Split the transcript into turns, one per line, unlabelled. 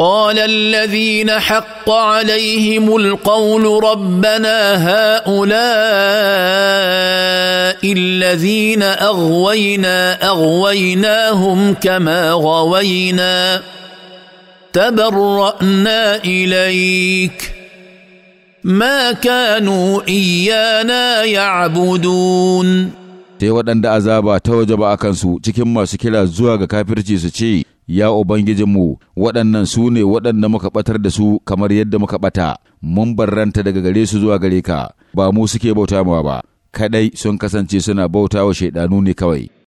قال الذين حق عليهم القول ربنا هؤلاء الذين اغوينا اغويناهم كما غوينا تبرانا اليك ما كانوا ايانا يعبدون
sai waɗanda azaba ta waje ba a kansu cikin masu kira zuwa ga kafirci su ce Ya Ubangijinmu, waɗannan su ne waɗanda muka ɓatar da su kamar yadda muka ɓata, mun barranta daga gare su zuwa gare ka, ba mu suke bauta ba, kaɗai sun kasance suna bauta wa shaidanu ne kawai.